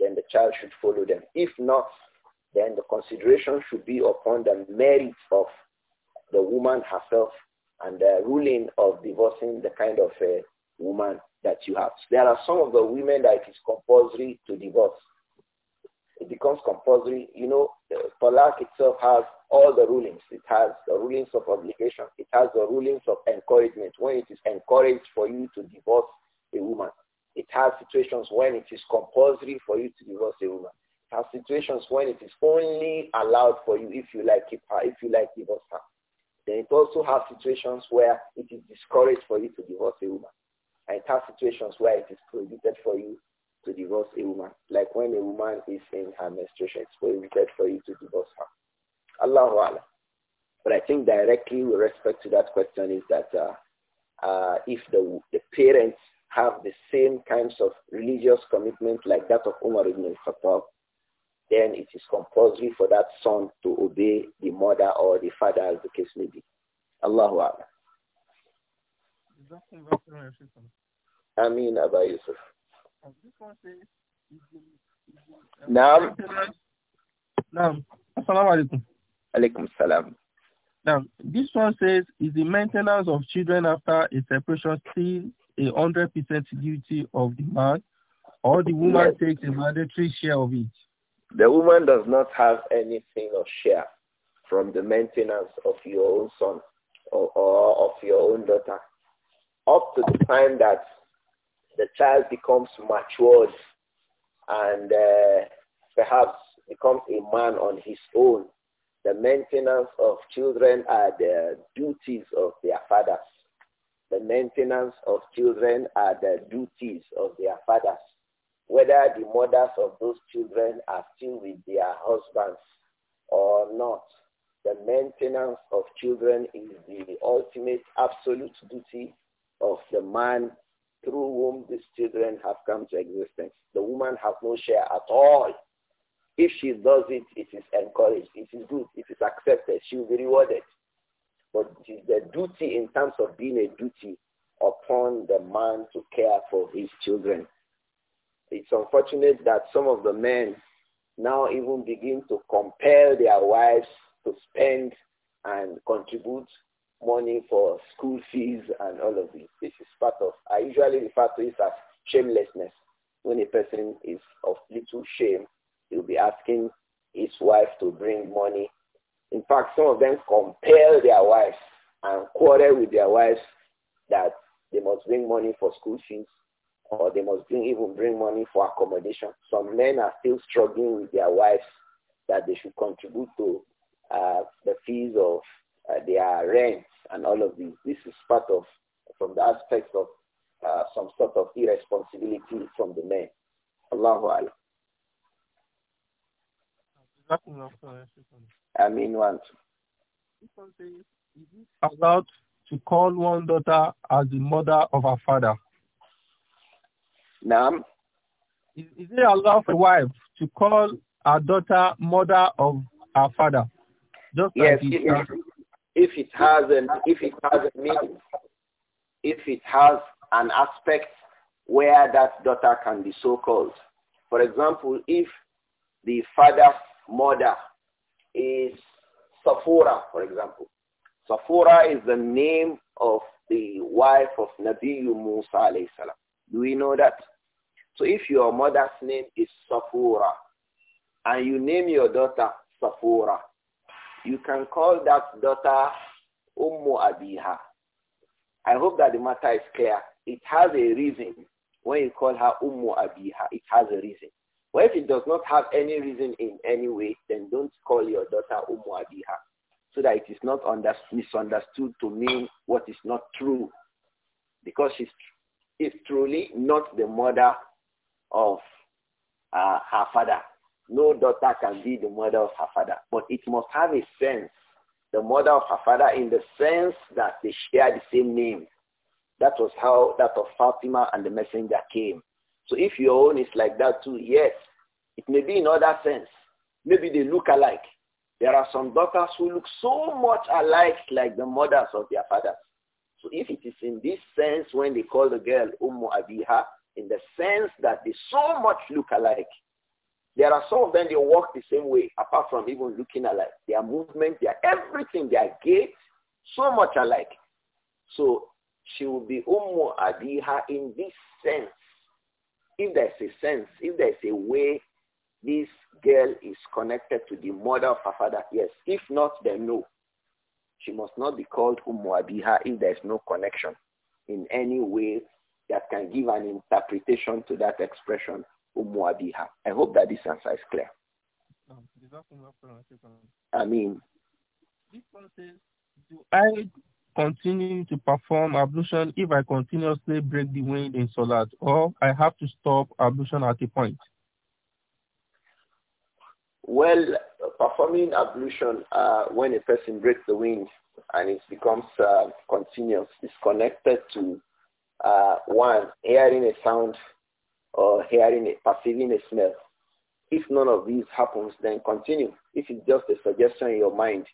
then the child should follow them. If not, then the consideration should be upon the merits of the woman herself and the uh, ruling of divorcing the kind of a uh, woman that you have. There are some of the women that it is compulsory to divorce. It becomes compulsory. You know, talaq itself has all the rulings. It has the rulings of obligation. It has the rulings of encouragement when it is encouraged for you to divorce a woman. It has situations when it is compulsory for you to divorce a woman. It has situations when it is only allowed for you if you like keep her, if you like divorce her. Then it also has situations where it is discouraged for you to divorce a woman. And it has situations where it is prohibited for you to divorce a woman. Like when a woman is in her menstruation, it's prohibited for you to divorce her. Allahu Allah. But I think directly with respect to that question is that uh, uh, if the, the parents have the same kinds of religious commitment like that of Umar ibn al-Khattab, then it is compulsory for that son to obey the mother or the father as the case may be. Allahu Akbar. Ameen Abba Yusuf. now. Naam. Assalamu alaikum. Alaikum salam. Now, this one says, is the maintenance of children after a separation still a 100% duty of the man or the woman yes. takes a mandatory share of it? The woman does not have anything of share from the maintenance of your own son or, or of your own daughter up to the time that the child becomes matured and uh, perhaps becomes a man on his own. The maintenance of children are the duties of their fathers. The maintenance of children are the duties of their fathers whether the mothers of those children are still with their husbands or not. The maintenance of children is the ultimate absolute duty of the man through whom these children have come to existence. The woman has no share at all. If she does it, it is encouraged. It is good. It is accepted. She will be rewarded. But it is the duty in terms of being a duty upon the man to care for his children. It's unfortunate that some of the men now even begin to compel their wives to spend and contribute money for school fees and all of this. This is part of, I usually refer to it as shamelessness. When a person is of little shame, he'll be asking his wife to bring money. In fact, some of them compel their wives and quarrel with their wives that they must bring money for school fees or they must bring, even bring money for accommodation. Some men are still struggling with their wives that they should contribute to uh, the fees of uh, their rents and all of these. This is part of, from the aspect of uh, some sort of irresponsibility from the men. Allahu Akbar. I mean, one. Allowed to call one daughter as the mother of her father. Naam. Is, it allowed for wife to call her daughter mother of her father? Just yes, like if, if it has an if it has a meaning, if it has an aspect where that daughter can be so called. For example, if the father's mother is Safura, for example. Safura is the name of the wife of Nabi Musa alayhi salam. Do we know that? So if your mother's name is Safura and you name your daughter Safura, you can call that daughter Ummu Abiha. I hope that the matter is clear. It has a reason. When you call her Ummu Abiha, it has a reason. But if it does not have any reason in any way, then don't call your daughter Ummu Abiha so that it is not misunderstood to mean what is not true. Because she's truly not the mother of uh, her father. No daughter can be the mother of her father, but it must have a sense, the mother of her father, in the sense that they share the same name. That was how that of Fatima and the messenger came. So if your own is like that too, yes, it may be in other sense. Maybe they look alike. There are some daughters who look so much alike like the mothers of their fathers. So if it is in this sense when they call the girl Ummu Abiha, in the sense that they so much look alike. There are some of them, they walk the same way, apart from even looking alike. Their movement, their everything, their gait, so much alike. So she will be Ummu Adiha in this sense. If there's a sense, if there's a way this girl is connected to the mother of her father, yes. If not, then no. She must not be called Ummu Adiha if there's no connection in any way that can give an interpretation to that expression, Umu I hope that this answer is clear. I mean, this one says, do I continue to perform ablution if I continuously break the wind in Salat, or I have to stop ablution at a point? Well, performing ablution uh, when a person breaks the wind and it becomes uh, continuous is connected to uh, one, hearing a sound or hearing a, perceiving a smell. If none of these happens, then continue. If it's just a suggestion in your mind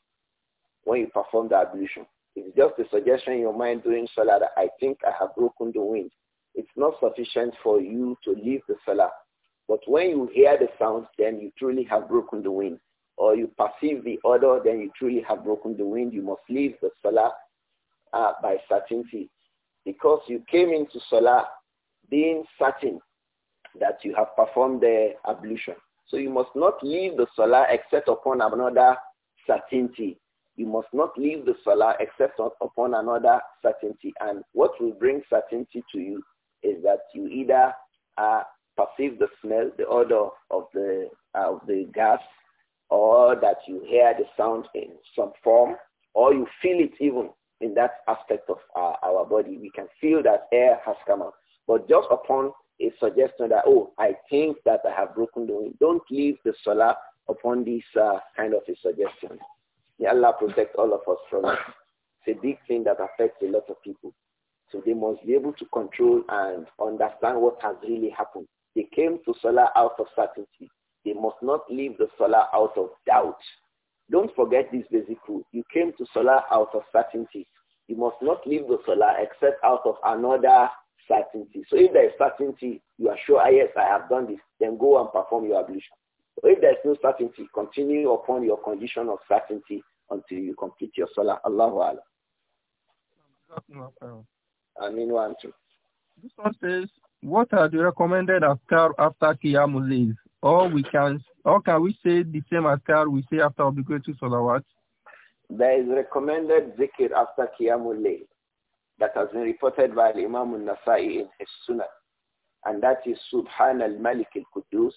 when you perform the ablution, if it's just a suggestion in your mind during salah that I think I have broken the wind, it's not sufficient for you to leave the salah. But when you hear the sound, then you truly have broken the wind. Or you perceive the odor, then you truly have broken the wind. You must leave the salah uh, by certainty because you came into Salah being certain that you have performed the ablution. So you must not leave the Salah except upon another certainty. You must not leave the Salah except upon another certainty. And what will bring certainty to you is that you either uh, perceive the smell, the odor of the, uh, of the gas, or that you hear the sound in some form, or you feel it even in that aspect of our, uh, our body. We can feel that air has come out. But just upon a suggestion that, oh, I think that I have broken the wind, don't leave the salah upon this uh, kind of a suggestion. May Allah protect all of us from it. It's a big thing that affects a lot of people. So they must be able to control and understand what has really happened. They came to Salah out of certainty. They must not leave the Salah out of doubt. Don't forget this basic rule. You came to Salah out of certainty. You must not leave the salah except out of another certainty. So if there is certainty, you are sure, ah, yes, I have done this, then go and perform your ablution. if there is no certainty, continue upon your condition of certainty until you complete your salah. Allahu Allah. No I mean one, two. This one says, what are the recommended after after Qiyamul Or we can, or can we say the same after we say after obligatory salawat? There is recommended zikr after Qiyamul Layl that has been reported by Imam al-Nasai in his Sunnah. And that is Subhan al-Malik al-Quddus,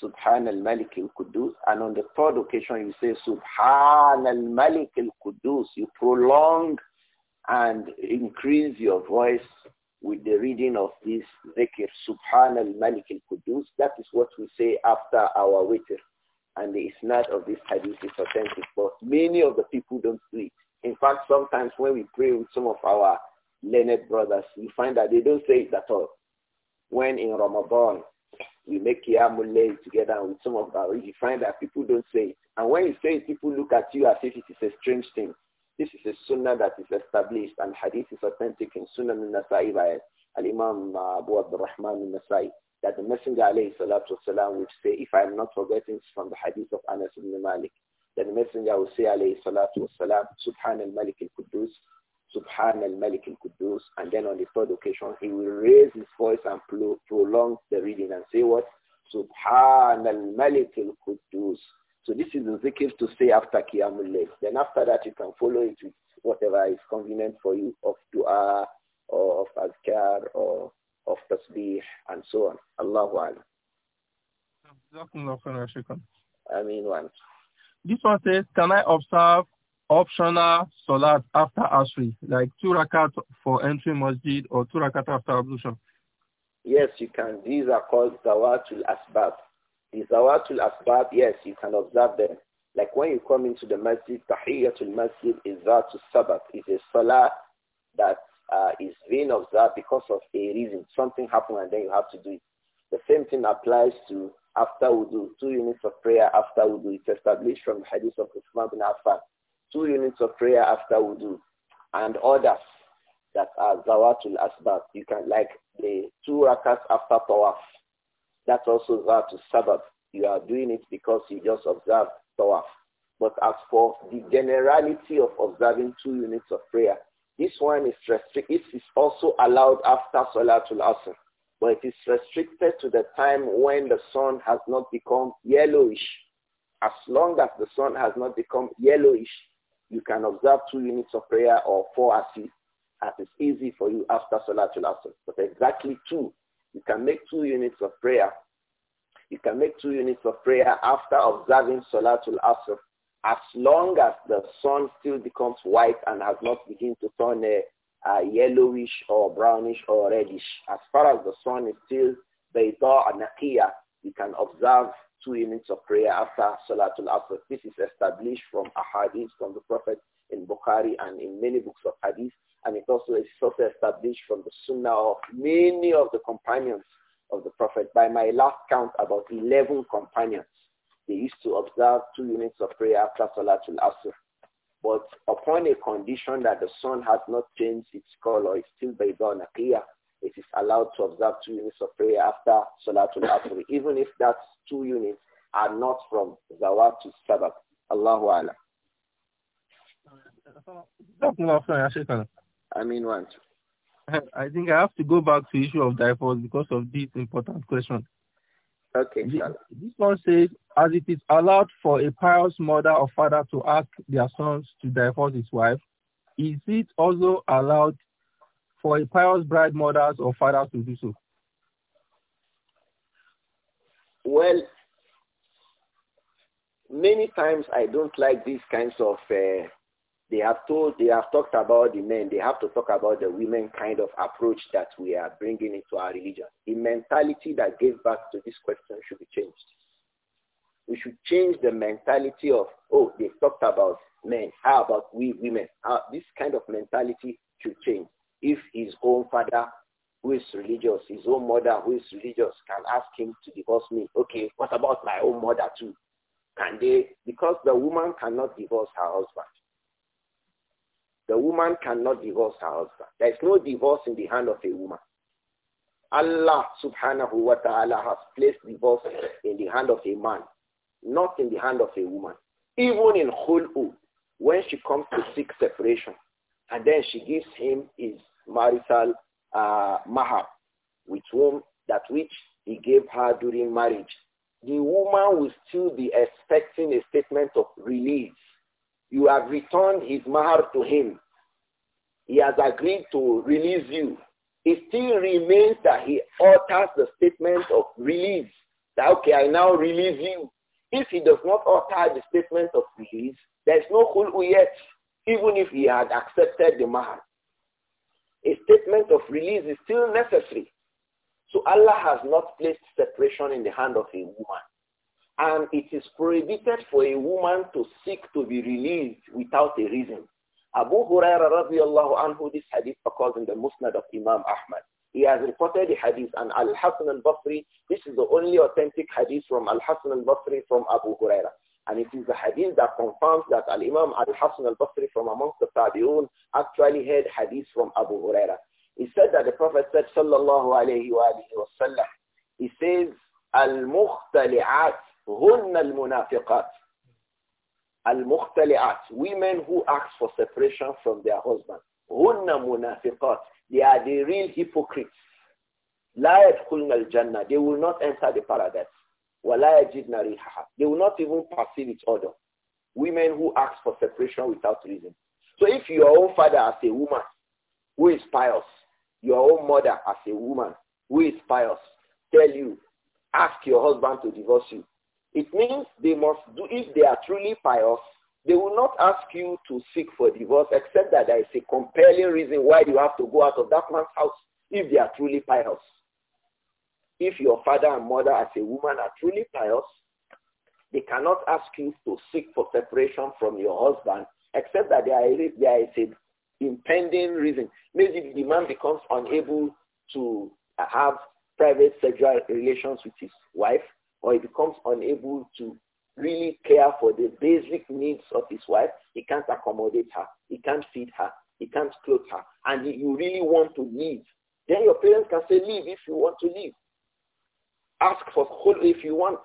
Subhan al-Malik al-Quddus. And on the third occasion, you say Subhan al-Malik al-Quddus. You prolong and increase your voice with the reading of this zikr, Subhan al-Malik al-Quddus. That is what we say after our witr and the isnad of this hadith is authentic, but many of the people don't do it. In fact, sometimes when we pray with some of our learned brothers, you find that they don't say it at all. When in Ramadan, we make Qiyamul together with some of our, you find that people don't say it. And when you say it, people look at you as if it is a strange thing. This is a sunnah that is established and hadith is authentic in Sunan al-Nasa'i by Al-Imam Abu Abdurrahman al-Nasa'i that the Messenger alayhi salatu wasalam would say, if I am not forgetting from the hadith of Anas ibn Malik, that the Messenger would say alayhi salatu wasalam, Subhan al-Malik al-Quddus, Subhan al-Malik al-Quddus, and then on the third occasion he will raise his voice and prolong the reading and say what? Subhan al-Malik al-Quddus. So this is the zikr to say after Qiyamul Layl. Then after that you can follow it with whatever is convenient for you of dua or of azkar or of tasbih and so on. Allahu Alam. I mean one. This one says, can I observe optional salat after asr, like two rakat for entering masjid or two rakat after ablution? Yes, you can. These are called zawatul asbab. The zawatul asbab, yes, you can observe them. Like when you come into the masjid, tahiyatul masjid is zawatul sabat. It's a salat that uh, is being observed because of a reason. Something happened and then you have to do it. The same thing applies to after wudu, two units of prayer after wudu. It's established from the hadith of Uthman bin Affan. Two units of prayer after wudu and others that are zawatul asbab. You can like the two rakats after tawaf. That's also zawatul sabab. You are doing it because you just observe tawaf. But as for the generality of observing two units of prayer, this one is restricted. It is also allowed after Salatul Asr, but it is restricted to the time when the sun has not become yellowish. As long as the sun has not become yellowish, you can observe two units of prayer or four asif as it's easy for you after Salatul Asr. But exactly two. You can make two units of prayer. You can make two units of prayer after observing Salatul Asr as long as the sun still becomes white and has not begun to turn a, uh, a, uh, yellowish or brownish or reddish, as far as the sun is still bayda and naqiya, you can observe two units of prayer after Salatul Asr. This is established from hadith from the Prophet in Bukhari and in many books of hadith. And it also is also established from the Sunnah of many of the companions of the Prophet. By my last count, about 11 companions they used to observe two units of prayer after Salatul Asr. But upon a condition that the sun has not changed its color, it's still Baydan clear, it is allowed to observe two units of prayer after Salatul Asr, even if that two units are not from Zawatul Sabbath. Allahu Alam. I mean, once. I think I have to go back to issue of divorce because of this important question. Okay. this one says, as it is allowed for a pious mother or father to ask their sons to divorce his wife, is it also allowed for a pious bride mothers or fathers to do so? Well, many times I don't like these kinds of uh, they have told, they have talked about the men. They have to talk about the women kind of approach that we are bringing into our religion. The mentality that gave birth to this question should be changed. We should change the mentality of, oh, they talked about men. How about we women? How, this kind of mentality should change. If his own father who is religious, his own mother who is religious can ask him to divorce me. Okay, what about my own mother too? Can they, because the woman cannot divorce her husband. The woman cannot divorce her husband. There is no divorce in the hand of a woman. Allah subhanahu wa ta'ala has placed divorce in the hand of a man, not in the hand of a woman. Even in khul'u, when she comes to seek separation, and then she gives him his marital uh, mahar, which whom, that which he gave her during marriage, the woman will still be expecting a statement of release you have returned his mahar to him. He has agreed to release you. It still remains that he alters the statement of release. That, okay, I now release you. If he does not alter the statement of release, there's no khul'u yet, even if he had accepted the mahar. A statement of release is still necessary. So Allah has not placed separation in the hand of a woman. And it is prohibited for a woman to seek to be released without a reason. Abu Huraira radiallahu anhu, this hadith occurs in the Musnad of Imam Ahmad. He has reported the hadith and Al-Hasan al-Basri, this is the only authentic hadith from Al-Hasan al-Basri from Abu Huraira. And it is the hadith that confirms that Al-Imam Al-Hasan al-Basri from amongst the Tabi'un actually heard hadith from Abu Huraira. He said that the Prophet said, sallallahu alayhi wa sallam, he says, al-mukhtali'at هن المنافقات المختلعات women who ask for separation from their husband هن منافقات they are the real hypocrites لا يدخلن الجنة they will not enter the paradise ولا يجدن ريحها they will not even perceive its odor women who ask for separation without reason so if your own father as a woman who is pious your own mother as a woman who is pious tell you ask your husband to divorce you it means they must do, if they are truly pious, they will not ask you to seek for divorce except that there is a compelling reason why you have to go out of that man's house if they are truly pious. If your father and mother as a woman are truly pious, they cannot ask you to seek for separation from your husband except that there is, there is an impending reason. Maybe the man becomes unable to have private sexual relations with his wife or he becomes unable to really care for the basic needs of his wife, he can't accommodate her, he can't feed her, he can't clothe her, and you really want to leave, then your parents can say, leave if you want to leave. Ask for khul if you want,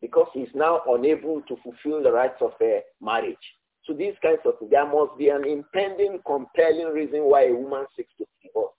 because he's now unable to fulfill the rights of a uh, marriage. So these kinds of things, there must be an impending, compelling reason why a woman seeks to divorce.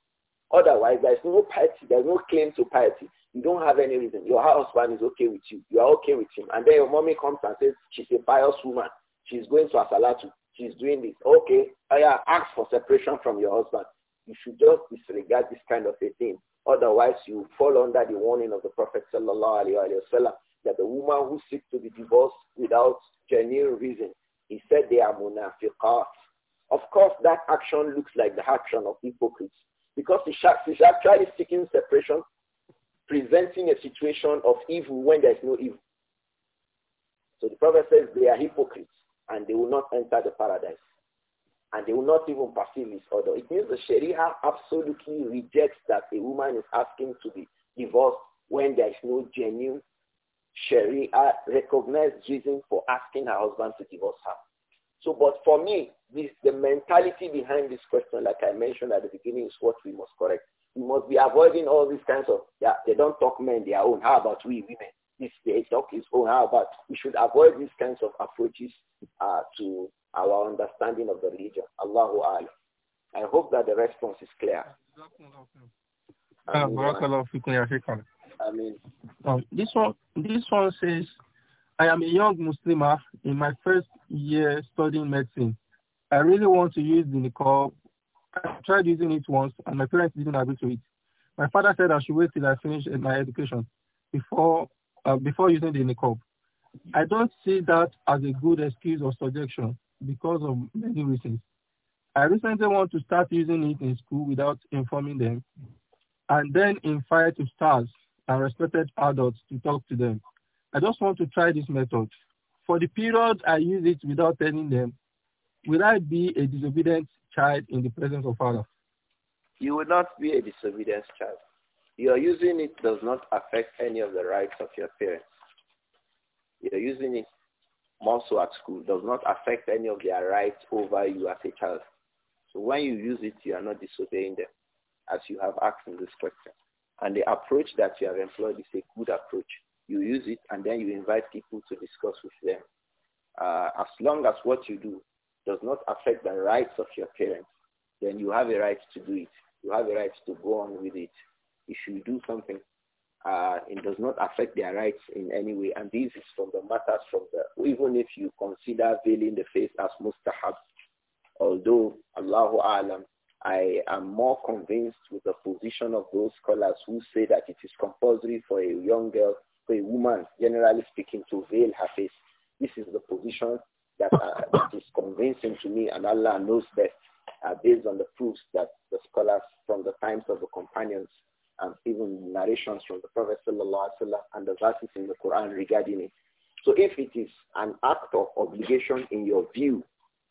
Otherwise, there's no piety, there's no claim to piety. You don't have any reason. Your husband is okay with you. You are okay with him. And then your mommy comes and says, she's a pious woman. She's going to Asalatu. She's doing this. Okay, I ask for separation from your husband. You should just disregard this kind of a thing. Otherwise, you fall under the warning of the Prophet sallallahu alaihi wasallam that the woman who seeks to be divorced without genuine reason, he said they are munafiqat. Of course, that action looks like the action of hypocrites because she's actually seeking separation Presenting a situation of evil when there is no evil. So the prophet says they are hypocrites and they will not enter the paradise. And they will not even perceive this order. It means the Sharia absolutely rejects that a woman is asking to be divorced when there is no genuine Sharia recognized reason for asking her husband to divorce her. So, but for me, this, the mentality behind this question, like I mentioned at the beginning, is what we must correct. We must be avoiding all these kinds of, yeah, they don't talk men their own. How about we women? This, they talk his own. How about we should avoid these kinds of approaches uh, to our understanding of the religion. Allahu Alam. I hope that the response is clear. Ah, I mean, um, this one, this one says, I am a young Muslimah in my first year studying medicine. I really want to use the niqab I tried using it once and my parents didn't agree to it. My father said I should wait till I finish my education before uh, before using the niqab. I don't see that as a good excuse or suggestion because of many reasons. I recently want to start using it in school without informing them and then invite to stars and respected adults to talk to them. I just want to try this method. For the period I use it without telling them, will I be a disobedient child in the presence of Allah? You will not be a disobedience child. Your using it does not affect any of the rights of your parents. Your using it more so at school does not affect any of their rights over you as a child. So when you use it, you are not disobeying them, as you have asked in this question. And the approach that you have employed is a good approach. You use it and then you invite people to discuss with them. Uh, as long as what you do does not affect the rights of your parents, then you have a right to do it. You have a right to go on with it. If you do something, uh, it does not affect their rights in any way. And this is from the matters from the, even if you consider veiling the face as mustahab, although Allahu Alam, I am more convinced with the position of those scholars who say that it is compulsory for a young girl, for a woman, generally speaking, to veil her face. This is the position that, uh, that is convincing to me and Allah knows best uh, based on the proofs that the scholars from the times of the companions and even narrations from the Prophet Sallallahu Alaihi Wasallam and the verses in the Quran regarding it. So if it is an act of obligation in your view,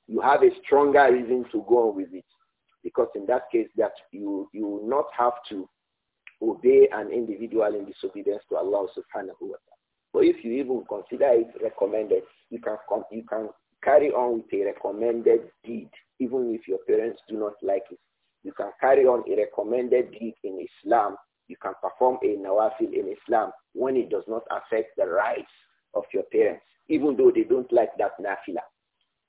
you have a stronger reason to go on with it. Because in that case that you, you will not have to obey an individual in disobedience to Allah subhanahu wa ta'ala. But if you even consider it recommended, you can you can carry on with a recommended deed, even if your parents do not like it. You can carry on a recommended deed in Islam. You can perform a nawafil in Islam when it does not affect the rights of your parents, even though they don't like that nafila.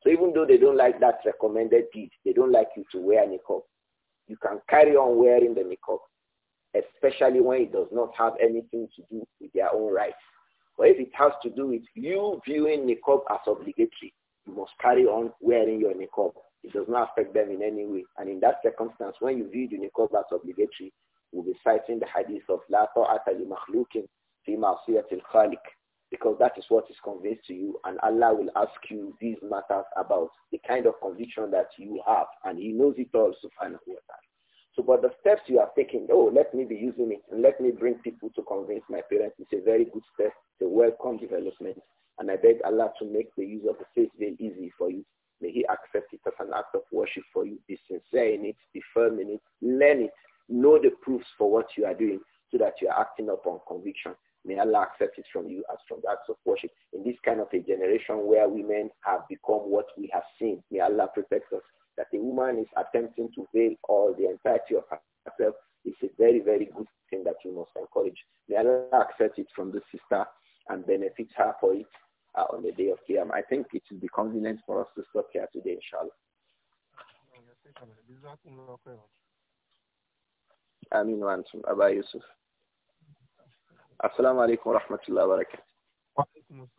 So even though they don't like that recommended deed, they don't like you to wear niqab. You can carry on wearing the niqab, especially when it does not have anything to do with their own rights. But if it has to do with you viewing niqab as obligatory, you must carry on wearing your niqab. It does not affect them in any way. And in that circumstance, when you view the niqab as obligatory, we'll be citing the hadith of La ta'ata li makhlukin fi ma'siyatil khaliq. Because that is what is conveyed to you and Allah will ask you these matters about the kind of conviction that you have and He knows it all subhanahu wa ta'ala. So, but the steps you are taking, oh, let me be using it and let me bring people to convince my parents, is a very good step a welcome development. And I beg Allah to make the use of the faith day easy for you. May he accept it as an act of worship for you. Be sincere in it, be firm in it, learn it, know the proofs for what you are doing so that you are acting upon conviction. May Allah accept it from you as from the acts of worship. In this kind of a generation where women have become what we have seen, may Allah protect us. That a woman is attempting to veil all the entirety of herself is a very, very good thing that we must encourage. May Allah accept it from the sister and benefit her for it uh, on the day of Qiyam. I think it will be convenient for us to stop here today, inshallah. آمين وأنتم أبا Assalamu alaikum, عليكم ورحمة الله وبركاته